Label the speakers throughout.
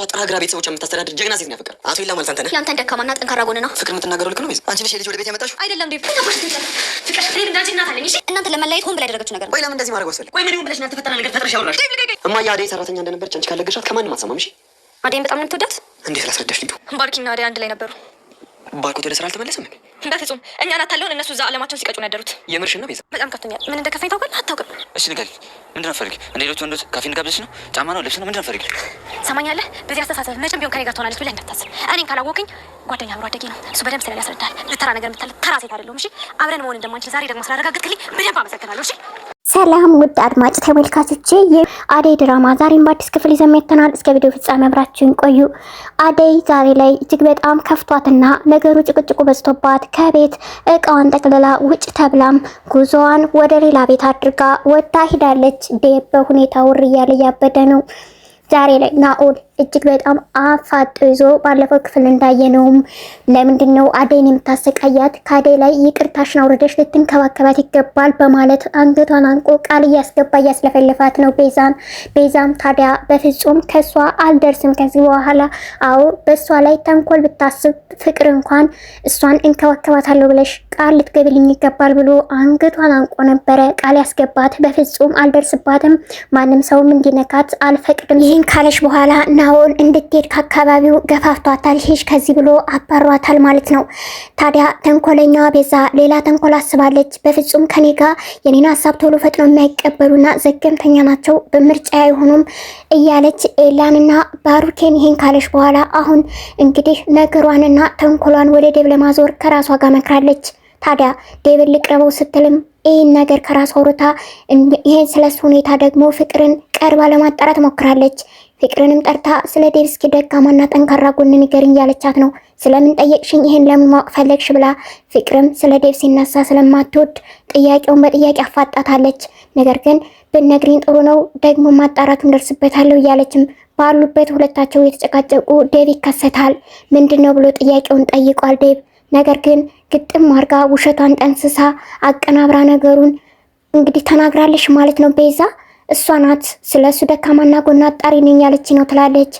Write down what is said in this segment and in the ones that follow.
Speaker 1: ሰባት ጥራ ግራ ቤተሰቦች የምታስተዳድር ጀግና ሴት ነው ፍቅር። አቶ ይላ ማለት አንተ ነህ።
Speaker 2: ያንተን ደካማና ጠንካራ ጎን ነው
Speaker 1: ፍቅር የምትናገረው። ልክ ነው ሚዝ። አንቺ ነሽ የልጅ ወደ ቤት ያመጣሽው
Speaker 2: አይደለም? ዴቭ ፍቅር እንዳንቺ እናት አለኝ። እሺ እናንተ ለመለያየት ሆን ብላ ያደረገችው ነገር
Speaker 1: ወይ ለምን እንደዚህ ማድረግ ወሰለ ወይ ምን ሆን ብለሽ ያልተፈጠረ ነገር ፈጥረሽ ያወራሽ። እማዬ አደይ ሰራተኛ እንደነበረች አንቺ ካለገሻት ከማንም አትሰማም። እሺ
Speaker 2: አደይን በጣም ነው የምትወዳት። እንዴት ላስረዳሽ? ልዩ ባርኪና አደይ አንድ ላይ ነበሩ።
Speaker 1: ባርኮት ወደ ስራ አልተመለሰም።
Speaker 2: በፍጹም እኛን አታለውን። እነሱ እዛ አለማቸውን ሲቀጩ ነው ያደሩት። የምርሽ ነው ቤዛ? በጣም ከፍቶኛል። ምን እንደ እንደከፋኝ ታውቃለህ? አታውቅም።
Speaker 1: እሺ ንገሪኝ፣ ምንድን ነው ፈልግ? እንደ ሌሎች ወንዶች ካፌን ጋብዘሽ ነው? ጫማ ነው? ልብስ ነው? ምንድን ነው ፈልግ?
Speaker 2: ሰማኛለህ? በዚህ አስተሳሰብ መቼም ቢሆን ከኔ ጋር ትሆናለች ብለህ እንዳታስብ። እኔን ካላወቅኝ ጓደኛ አብሮ አደጌ ነው እሱ በደንብ ስለሚያስረዳል። ልተራ ነገር የምታለ ተራ ሴት አይደለሁም። እሺ አብረን መሆን እንደማንችል ዛሬ ደግሞ ስላረጋግጥክልኝ በደንብ አመሰግናለሁ። እሺ
Speaker 3: ሰላም ውድ አድማጭ ተመልካቾቼ፣ የአደይ ድራማ ዛሬም በአዲስ ክፍል ይዘን መጥተናል። እስከ ቪዲዮ ፍጻሜ አብራችሁን ቆዩ። አደይ ዛሬ ላይ እጅግ በጣም ከፍቷትና ነገሩ ጭቅጭቁ በዝቶባት ከቤት እቃዋን ጠቅልላ ውጭ ተብላም ጉዞዋን ወደ ሌላ ቤት አድርጋ ወጣ ሂዳለች። ዴብ በሁኔታው ር እያለ እያበደ ነው። ዛሬ ላይ ናኦል እጅግ በጣም አፋጦ ይዞ ባለፈው ክፍል እንዳየነውም ለምንድን ነው አደይን የምታሰቃያት? ከአደይ ላይ ይቅርታሽን አውርደሽ ልትንከባከባት ይገባል በማለት አንገቷን አንቆ ቃል እያስገባ እያስለፈለፋት ነው ቤዛን። ቤዛም ታዲያ በፍጹም ከእሷ አልደርስም ከዚህ በኋላ አዎ፣ በእሷ ላይ ተንኮል ብታስብ ፍቅር እንኳን እሷን እንከባከባታለሁ ብለሽ ቃል ልትገብልኝ ይገባል ብሎ አንገቷን አንቆ ነበረ ቃል ያስገባት። በፍጹም አልደርስባትም፣ ማንም ሰውም እንዲነካት አልፈቅድም። ይህን ካለሽ በኋላ ና አሁን እንድትሄድ ከአካባቢው ገፋፍቷታል። ሂሽ ከዚህ ብሎ አባሯታል ማለት ነው። ታዲያ ተንኮለኛዋ ቤዛ ሌላ ተንኮል አስባለች። በፍጹም ከኔ ጋር የኔን ሀሳብ ቶሎ ፈጥኖ የማይቀበሉና ዘገምተኛ ናቸው፣ በምርጫ አይሆኑም እያለች ኤላንና ባሩኬን ይሄን ካለች በኋላ አሁን እንግዲህ ነገሯንና ተንኮሏን ወደ ደብ ለማዞር ከራሷ ጋር መክራለች። ታዲያ ዴብን ልቅረበው ስትልም ይህን ነገር ከራሷ አውርታ ይህን ስለሱ ሁኔታ ደግሞ ፍቅርን ቀርባ ለማጣራት ሞክራለች። ፍቅርንም ጠርታ ስለ ዴቭስኪ ደካማና ጠንካራ ጎን ንገሪኝ እያለቻት ነው። ስለምን ጠየቅሽኝ? ይህን ለምን ማወቅ ፈለግሽ? ብላ ፍቅርም ስለ ዴቭ ሲነሳ ስለማትወድ ጥያቄውን በጥያቄ አፋጣታለች። ነገር ግን ብነግሪን ጥሩ ነው ደግሞ ማጣራቱን ደርስበታለሁ እያለችም ባሉበት ሁለታቸው የተጨቃጨቁ ዴቭ ይከሰታል። ምንድን ነው ብሎ ጥያቄውን ጠይቋል ዴቭ። ነገር ግን ግጥም አርጋ ውሸቷን ጠንስሳ አቀናብራ ነገሩን እንግዲህ ተናግራለች ማለት ነው ቤዛ እሷ ናት ስለ እሱ ደካማና ጎና አጣሪ ነኝ ያለች ነው ትላለች።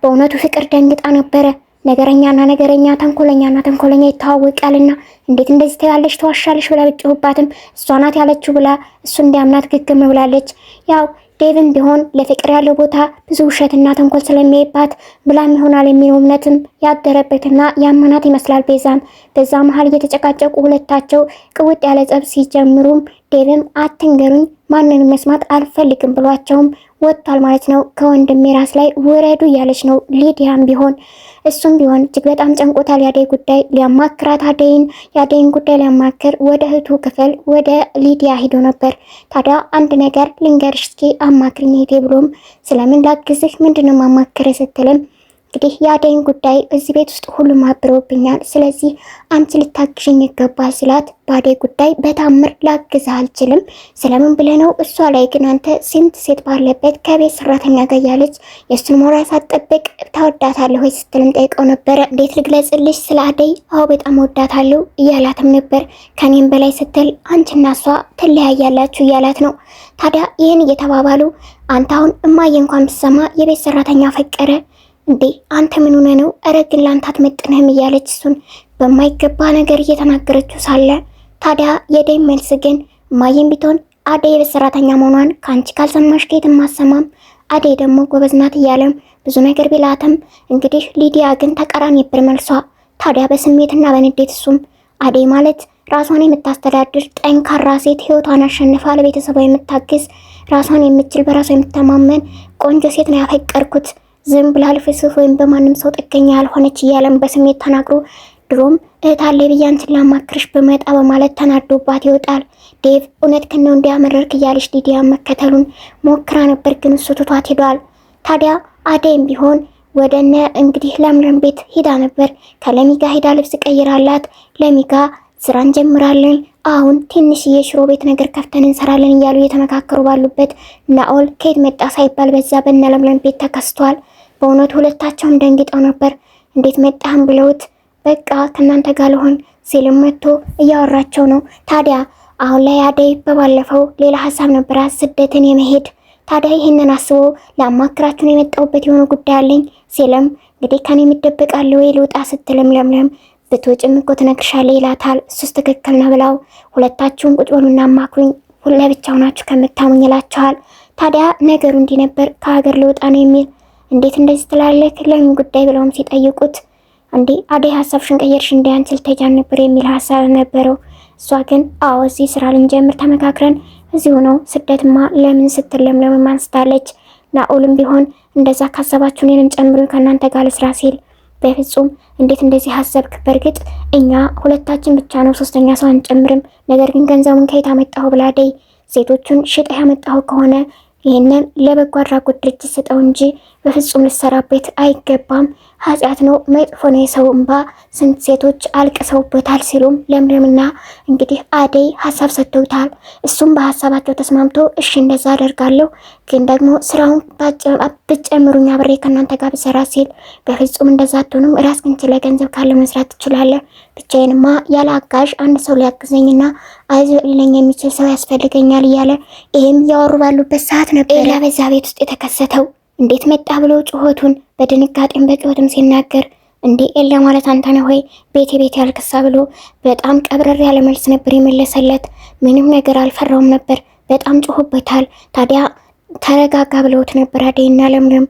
Speaker 3: በእውነቱ ፍቅር ደንግጣ ነበረ። ነገረኛና ነገረኛ፣ ተንኮለኛና ተንኮለኛ ይተዋወቃልና እንዴት እንደዚህ ትላለች ተዋሻለች ብላ ብጭሁባትም እሷ ናት ያለችው ብላ እሱ እንዲያምናት ግግም ብላለች። ያው ዴቭም ቢሆን ለፍቅር ያለው ቦታ ብዙ ውሸትና ተንኮል ስለሚሄባት ብላም ይሆናል የሚለው እምነትም ያደረበትና ያመናት ይመስላል። ቤዛም በዛ መሀል እየተጨቃጨቁ ሁለታቸው ቅውጥ ያለ ጸብ ሲጀምሩም ዴቭም አትንገሩኝ፣ ማንንም መስማት አልፈልግም ብሏቸውም ወጥቷል ማለት ነው። ከወንድሜ ራስ ላይ ውረዱ እያለች ነው። ሊዲያም ቢሆን እሱም ቢሆን እጅግ በጣም ጨንቆታል። ያደይ ጉዳይ ሊያማክራት አደይን የአደይን ጉዳይ ሊያማክር ወደ እህቱ ክፍል ወደ ሊዲያ ሄዶ ነበር። ታዲያ አንድ ነገር ልንገርሽ እስኪ አማክርኝ እህቴ ብሎም ስለምን ላግዝህ ምንድነው ማማክር ስትልም እንግዲህ የአደይን ጉዳይ እዚህ ቤት ውስጥ ሁሉም አብረውብኛል፣ ስለዚህ አንቺ ልታግሽኝ ይገባ ስላት በአደይ ጉዳይ በታምር ላግዝህ አልችልም፣ ስለምን ብለህ ነው? እሷ ላይ ግን አንተ ስንት ሴት ባለበት ከቤት ሰራተኛ ጋር ያለች የእሱን ሞራ ሳትጠብቅ ታወዳታለሁ ወይ ስትልም ጠይቀው ነበረ። እንዴት ልግለጽልሽ ስለ አደይ? አዎ በጣም ወዳታለሁ እያላትም ነበር። ከኔም በላይ ስትል አንቺና እሷ ትለያያላችሁ እያላት ነው። ታዲያ ይህን እየተባባሉ አንተ አሁን እማዬ እንኳን ብትሰማ የቤት ሰራተኛ ፈቀረ እንዴ አንተ ምን ሆነ ነው? እረ ግን ላንተ አትመጥንህም እያለች እሱን በማይገባ ነገር እየተናገረችው ሳለ ታዲያ የደይ መልስ ግን ማየም ቢትሆን አደይ የቤት ሰራተኛ መሆኗን ከአንቺ ካልሰማሽ ከየት ማሰማም አደይ ደግሞ ጎበዝናት እያለም ብዙ ነገር ቢላትም እንግዲህ ሊዲያ ግን ተቀራን ነበር መልሷ። ታዲያ በስሜትና በንዴት እሱም አደይ ማለት ራሷን የምታስተዳድር ጠንካራ ሴት ህይወቷን አሸንፋ ለቤተሰቧ የምታግዝ ራሷን የምትችል በራሷ የምትተማመን ቆንጆ ሴት ነው ያፈቀርኩት ዝም ብላ አልፍስፍ ወይም በማንም ሰው ጥገኛ ያልሆነች እያለም በስሜት ተናግሮ ድሮም እህት አለ ብያን ስላማክርሽ በመጣ በማለት ተናዶባት ይወጣል። ዴቭ እውነት ክነው እንዲያመረርክ እያለች ሊዲያ መከተሉን ሞክራ ነበር፣ ግን እሱ ትቷት ሄዷል። ታዲያ አደይም ቢሆን ወደነ እንግዲህ ለምለም ቤት ሂዳ ነበር። ከለሚጋ ሂዳ ልብስ ቀይራላት ለሚጋ ስራን ጀምራለን አሁን ትንሽዬ ሽሮ ቤት ነገር ከፍተን እንሰራለን እያሉ እየተመካከሩ ባሉበት ናኦል ከየት መጣ ሳይባል በዛ በነለምለም ቤት ተከስቷል። በእውነቱ ሁለታቸውም ደንግጠው ነበር። እንዴት መጣህም ብለውት በቃ ከእናንተ ጋር ልሆን ሲልም መጥቶ እያወራቸው ነው። ታዲያ አሁን ላይ አደይ በባለፈው ሌላ ሀሳብ ነበራት ስደትን የመሄድ ታዲያ ይህንን አስቦ ለአማክራችሁን የመጣሁበት የሆነ ጉዳይ አለኝ ሲልም እንግዲህ ከኔ የሚደበቃለ ወይ ልውጣ ስትልም ለምለም ብትወጪም እኮ ትነግርሻለህ ይላታል። እሱስ ትክክል ነው ብለው ሁለታችሁን ቁጭ በሉና አማክሩኝ፣ ለብቻ ሆናችሁ ከምታሙኝ ይላቸዋል። ታዲያ ነገሩ እንዲህ ነበር፣ ከሀገር ልወጣ ነው የሚል እንዴት እንደዚህ ትላለህ? ለምን ጉዳይ ብለውም ሲጠይቁት እንዴ አደይ ሀሳብሽን ቀየርሽ እንዴ? አንቺ ነበር የሚል ሀሳብ ነበረው። እሷ ግን አዎ እዚህ ስራ ልንጀምር ተመካክረን እዚሁ ነው፣ ስደትማ ለምን ስትል ለምለም አንስታለች። ናኦልም ቢሆን እንደዛ ካሰባችሁ እኔንም ጨምሮ ከእናንተ ጋር ልስራ ሲል በፍጹም እንዴት እንደዚህ ሀሰብክ? በእርግጥ እኛ ሁለታችን ብቻ ነው፣ ሶስተኛ ሰው አንጨምርም። ነገር ግን ገንዘቡን ከየት አመጣኸው ብላ አደይ ሴቶቹን ሽጠህ ያመጣሁ ከሆነ ይህንን ለበጎ አድራጎት ድርጅት ስጠው እንጂ በፍጹም ልሰራበት አይገባም፣ ኃጢአት ነው፣ መጥፎ ነው፣ የሰው እንባ ስንት ሴቶች አልቅሰውበታል ሲሉም ለምለምና እንግዲህ አደይ ሀሳብ ሰጥተውታል። እሱም በሀሳባቸው ተስማምቶ እሺ እንደዛ አደርጋለሁ፣ ግን ደግሞ ስራውን ብትጨምሩኝ አብሬ ከእናንተ ጋር ብሰራ ሲል በፍጹም እንደዛ አትሆኑም፣ ራስህን ችለህ ገንዘብ ካለ መስራት ትችላለህ። ብቻዬንማ ያለ አጋዥ አንድ ሰው ሊያግዘኝና አይዞ ሊለኝ የሚችል ሰው ያስፈልገኛል እያለ ይህም ያወሩ ባሉበት ሰዓት
Speaker 2: ነበር ኤላ በዛ ቤት ውስጥ የተከሰተው። እንዴት መጣ ብሎ ጩኸቱን በድንጋጤም በጩኸትም ሲናገር እንዴ ኤላ ማለት አንተ ነህ ወይ ቤቴ ቤቴ አልክሳ ብሎ በጣም ቀብረር ያለ መልስ ነበር የመለሰለት። ምንም ነገር አልፈራውም ነበር። በጣም ጮሆበታል። ታዲያ ተረጋጋ ብለውት ነበር አደይና ለምለም።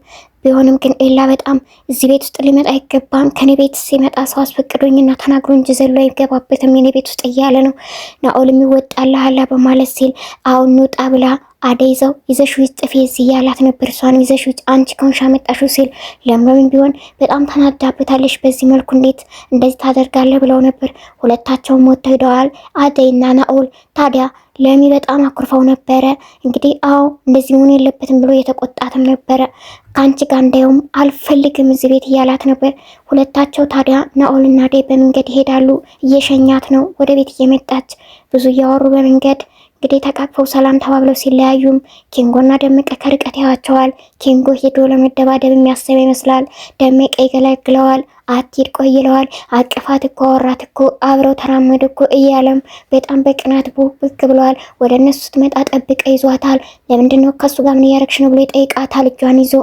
Speaker 2: ቢሆንም ግን ኤላ በጣም እዚህ ቤት ውስጥ ሊመጣ አይገባም፣ ከኔ ቤት ሲመጣ ሰው አስፈቅዶኝና ተናግሮ እንጂ ዘሎ አይገባበትም የኔ ቤት ውስጥ እያለ ነው ናኦልም ይወጣልሃላ በማለት ሲል አሁን ውጣ ብላ አደይ ይዘው ይዘሽ ውስጥ ጥፊ እያላት ነበር። እሷን ይዘሽ ውጭ አንቺ ከሆንሽ አመጣሽው ሲል ለምለም ቢሆን በጣም ተናዳብታለች። በዚህ መልኩ እንዴት እንደዚህ ታደርጋለህ ብለው ነበር። ሁለታቸውም ወጥተው ሄደዋል፣ አደይና ናኦል። ታዲያ ለሚ በጣም አኩርፈው ነበረ። እንግዲህ አዎ እንደዚህ መሆን የለበትም ብሎ የተቆጣትም ነበረ። ከአንቺ ጋር እንዳየውም አልፈልግም እዚህ ቤት እያላት ነበር። ሁለታቸው ታዲያ ናኦልና አደይ በመንገድ ይሄዳሉ። እየሸኛት ነው ወደ ቤት እየመጣች ብዙ እያወሩ በመንገድ እንግዲህ ተቃቅፈው ሰላም ተባብለው ሲለያዩም ኪንጎና ደመቀ ከርቀት ያዋቸዋል። ኪንጎ ሄዶ ለመደባደብ የሚያስብ ይመስላል። ደመቀ ይገለግለዋል። አትሂድ ቆይ ይለዋል። አቅፋት እኮ አወራት እኮ አብረው ተራመዱ እኮ እያለም በጣም በቅናት ቡብክ ብለዋል። ወደ እነሱ ስትመጣ ጠብቀ ይዟታል። ለምንድነው ከሱ ጋር ምን እያረግሽ ነው ብሎ ይጠይቃታል እጇን ይዞ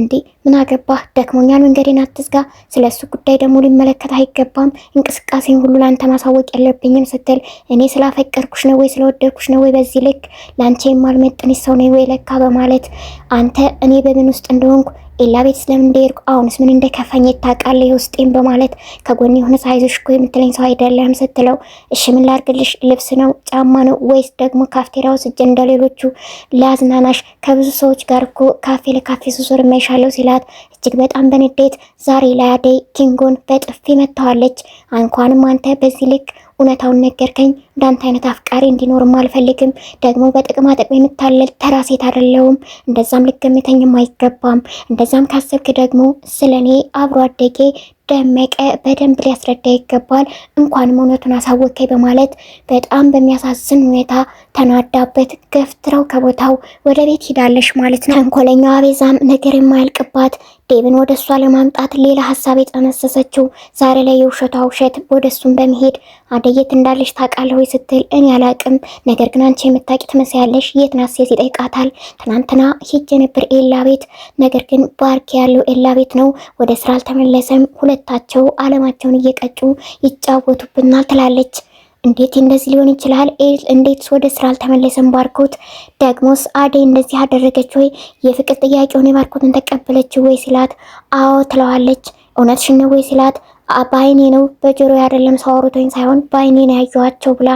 Speaker 2: እንዴ ምን አገባህ? ደክሞኛል፣ መንገዴን አትዝጋ። ስለ እሱ ጉዳይ ደግሞ ሊመለከት አይገባም። እንቅስቃሴን ሁሉ ለአንተ ማሳወቅ ያለብኝም ስትል እኔ ስላፈቀርኩሽ ነው ወይ ስለወደድኩሽ ነው ወይ በዚህ ልክ ለአንቺ የማልመጥንሽ ሰው ነው ወይ ለካ በማለት አንተ እኔ በምን ውስጥ እንደሆንኩ ኤላ ቤት ስለምን እንደሄድኩ አሁንስ ምን እንደከፋኝ ታውቃለህ ውስጤን በማለት ከጎን የሆነ ሳይዞሽ እኮ የምትለኝ ሰው አይደለም ስትለው፣ እሺ ምን ላድርግልሽ? ልብስ ነው ጫማ ነው ወይስ ደግሞ ካፍቴሪያ ውስጥ እንደሌሎቹ ላዝናናሽ? ከብዙ ሰዎች ጋር እኮ ካፌ ለካፌ ስዞር የማይሻለው ሲላት፣ እጅግ በጣም በንዴት ዛሬ ላይ አደይ ኪንጎን በጥፊ መታዋለች። እንኳንም አንተ በዚህ ልክ እውነታውን ነገርከኝ። እንዳንተ አይነት አፍቃሪ እንዲኖርም አልፈልግም። ደግሞ በጥቅማ ጥቅም የምታለል ተራ ሴት አይደለሁም። እንደዛም ልገምተኝም አይገባም። እንደዛም ካሰብክ ደግሞ ስለ እኔ አብሮ አደጌ ደመቀ በደንብ ሊያስረዳ ይገባል። እንኳንም እውነቱን አሳወቀኝ በማለት በጣም በሚያሳዝን ሁኔታ ተናዳበት ገፍትረው ከቦታው ወደ ቤት ሂዳለች ማለት ነው። ተንኮለኛዋ ቤዛም ነገር የማያልቅባት ዴብን ወደ እሷ ለማምጣት ሌላ ሀሳብ የጠነሰሰችው ዛሬ ላይ የውሸቷ ውሸት ወደ እሱም በመሄድ አደየት እንዳለች ታውቃለህ ወይ ስትል እኔ አላቅም፣ ነገር ግን አንቺ የምታውቂ ትመስያለሽ የት ናት ሴት ይጠይቃታል። ትናንትና ሄጄ ነበር ኤላ ቤት፣ ነገር ግን ባርክ ያለው ኤላ ቤት ነው፣ ወደ ስራ አልተመለሰም። ሁለታቸው አለማቸውን እየቀጩ ይጫወቱብናል ትላለች። እንዴት እንደዚህ ሊሆን ይችላል? እንዴት ወደ ስራ አልተመለሰም? ባርኮት ደግሞስ አደይ እንደዚህ አደረገች ወይ? የፍቅር ጥያቄውን የባርኮትን ተቀበለች ወይ ሲላት አዎ ትለዋለች። እውነትሽን ነው ወይ ሲላት በአይኔ ነው በጆሮ አይደለም ሰው ሳይሆን በአይኔ ነው ያየኋቸው ብላ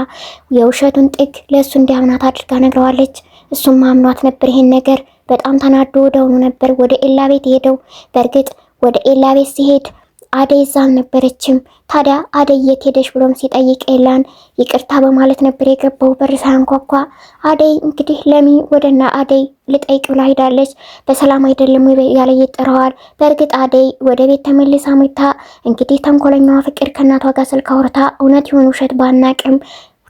Speaker 2: የውሸቱን ጥግ ለእሱ እንዲያምናት አድርጋ ነግረዋለች። እሱም አምኗት ነበር። ይሄን ነገር በጣም ተናዶ ሆኑ ነበር ወደ ኤላ ቤት ሄደው። በእርግጥ ወደ ኤላ ቤት ሲሄድ አደይ እዛ አልነበረችም። ታዲያ አደይ የት ሄደሽ ብሎም ሲጠይቅ ኤላን ይቅርታ በማለት ነበር የገባው በር ሳያንኳኳ። አደይ እንግዲህ ለሚ ወደና አደይ ልጠይቅ ብላ ሄዳለች። በሰላም አይደለም ያለ ይጥረዋል። በእርግጥ አደይ ወደ ቤት ተመልሳ መታ እንግዲህ ተንኮለኛዋ ፍቅር ከእናቷ ጋር ስልክ አውርታ እውነት ይሁን ውሸት ባናቅም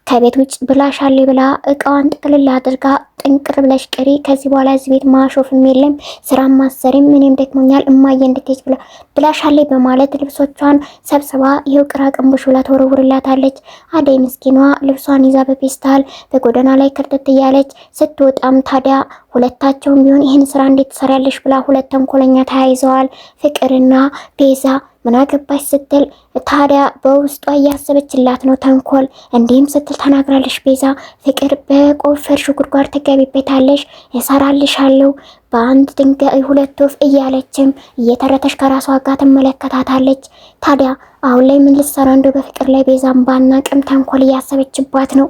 Speaker 2: ከቤት ውጭ ብላሻሌ ብላ እቃዋን ጥቅልል አድርጋ ጥንቅር ብለሽ ቅሪ። ከዚህ በኋላ እዚህ ቤት ማሾፍም የለም፣ ስራ ማሰሪም እኔም ደክሞኛል፣ እማዬ እንድትሄጅ ብላ ብላሻሌ በማለት ልብሶቿን ሰብስባ ይኸው ቅራ ቅንብሽ ብላ ተወረውርላታለች። አደይ ምስኪኗ ልብሷን ይዛ በፌስታል በጎዳና ላይ ክርጥት እያለች ስትወጣም ታዲያ ሁለታቸውም ቢሆን ይህን ስራ እንዴት ትሰሪያለሽ ብላ ሁለት ተንኮለኛ ተያይዘዋል፣ ፍቅርና ቤዛ ምን አገባሽ ስትል ታዲያ በውስጧ እያሰበችላት ነው ተንኮል። እንዲህም ስትል ተናግራለሽ ቤዛ ፍቅር በቆፈርሽው ጉድጓድ ትገቢበታለሽ፣ እሰራልሻለሁ በአንድ ድንጋይ ሁለት ወፍ እያለችም እየተረተሽ ከራሷ ጋር ትመለከታታለች። ታዲያ አሁን ላይ ምን ልትሰራ እንደው በፍቅር ላይ ቤዛም ባናቅም ተንኮል እያሰበችባት ነው።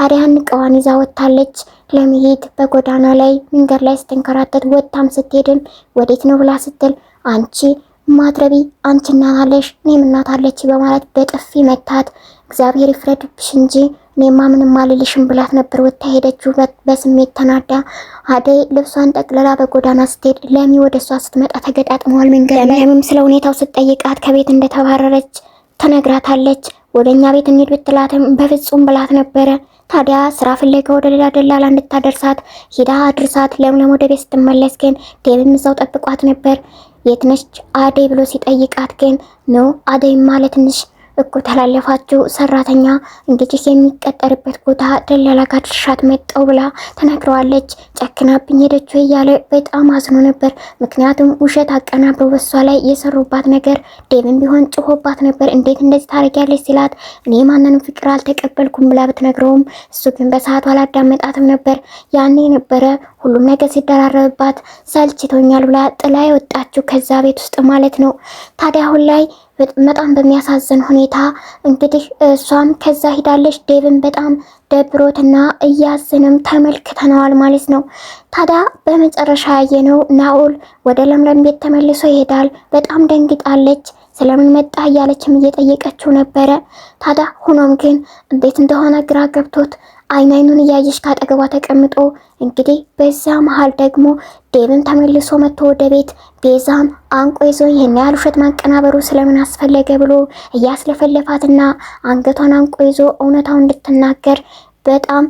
Speaker 2: ታዲያ ንቀዋን ይዛ ወጥታለች ለመሄድ በጎዳና ላይ መንገድ ላይ ስትንከራተት ወጥታም ስትሄድም ወዴት ነው ብላ ስትል አንቺ ማትረቢ አንቺ እናት አለሽ እኔም እናት አለች በማለት በጥፊ መታት። እግዚአብሔር ይፍረድብሽ እንጂ እኔማ ምንም አልልሽም ብላት ነበር ወታ ሄደችው በስሜት ተናዳ። አደይ ልብሷን ጠቅልላ በጎዳና ስትሄድ ለሚ ወደ እሷ ስትመጣ ተገጣጥመዋል። መንገድ ላይ ለሚም ስለ ሁኔታው ስትጠይቃት ከቤት እንደተባረረች ተነግራታለች። ወደ እኛ ቤት እንሂድ ብትላትም በፍጹም ብላት ነበረ። ታዲያ ስራ ፍለጋ ወደ ሌላ ደላላ እንድታደርሳት ሂዳ አድርሳት። ለምለም ወደ ቤት ስትመለስ ግን ዴብም እዛው ጠብቋት ነበር። የት ነች አደይ ብሎ ሲጠይቃት ግን ነው ማለት ለትንሽ እኮ ተላለፋችሁ ሰራተኛ እንግዲህ የሚቀጠርበት ቦታ ደላላ ጋር ድርሻት መጣው ብላ ተናግረዋለች። ጨክናብኝ ሄደች እያለ በጣም አዝኖ ነበር። ምክንያቱም ውሸት አቀናብሮ በሷ ላይ የሰሩባት ነገር ዴብን ቢሆን ጭሆባት ነበር። እንዴት እንደዚህ ታደርጊያለች ሲላት እኔ ማንንም ፍቅር አልተቀበልኩም ብላ ብትነግረውም እሱ ግን በሰዓቱ አላዳመጣትም ነበር። ያኔ ነበረ ሁሉም ነገር ሲደራረብባት ሰልችቶኛል ብላ ጥላ የወጣችው ከዛ ቤት ውስጥ ማለት ነው። ታዲያ አሁን ላይ በጣም በሚያሳዝን ሁኔታ እንግዲህ እሷም ከዛ ሂዳለች። ዴቭን በጣም ደብሮትና እያዝንም ተመልክተነዋል ማለት ነው። ታዲያ በመጨረሻ ያየነው ናኦል ወደ ለምለም ቤት ተመልሶ ይሄዳል። በጣም ደንግጣለች። ስለምን መጣ እያለችም እየጠየቀችው ነበረ። ታዲያ ሆኖም ግን እንዴት እንደሆነ ግራ ገብቶት አይን አይኑን እያየች ካጠገቧ ተቀምጦ እንግዲህ በዛ መሀል ደግሞ ዴብም ተመልሶ መጥቶ ወደ ቤት ቤዛም አንቆ ይዞ ይህን ያህል ውሸት ማቀናበሩ ስለምን አስፈለገ ብሎ እያስለፈለፋትና አንገቷን አንቆ ይዞ እውነታው እንድትናገር በጣም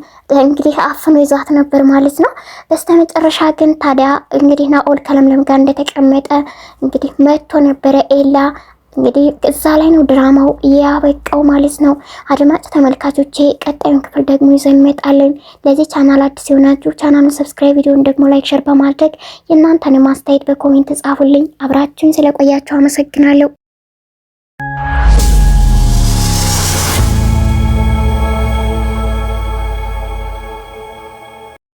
Speaker 2: እንግዲህ አፍኖ ይዟት ነበር ማለት ነው። በስተመጨረሻ ግን ታዲያ እንግዲህ ናኦል ከለምለም ጋር እንደተቀመጠ እንግዲህ መጥቶ ነበረ ኤላ እንግዲህ እዛ ላይ ነው ድራማው ያበቃው ማለት ነው። አድማጭ ተመልካቾቼ ቀጣዩን ክፍል ደግሞ ይዘን እንመጣለን። ለዚህ ቻናል አዲስ የሆናችሁ ቻናሉን ሰብስክራይብ፣ ቪዲዮን ደግሞ ላይክ፣ ሸር በማድረግ የእናንተን ማስተያየት በኮሜንት ጻፉልኝ። አብራችሁን ስለቆያችሁ አመሰግናለሁ።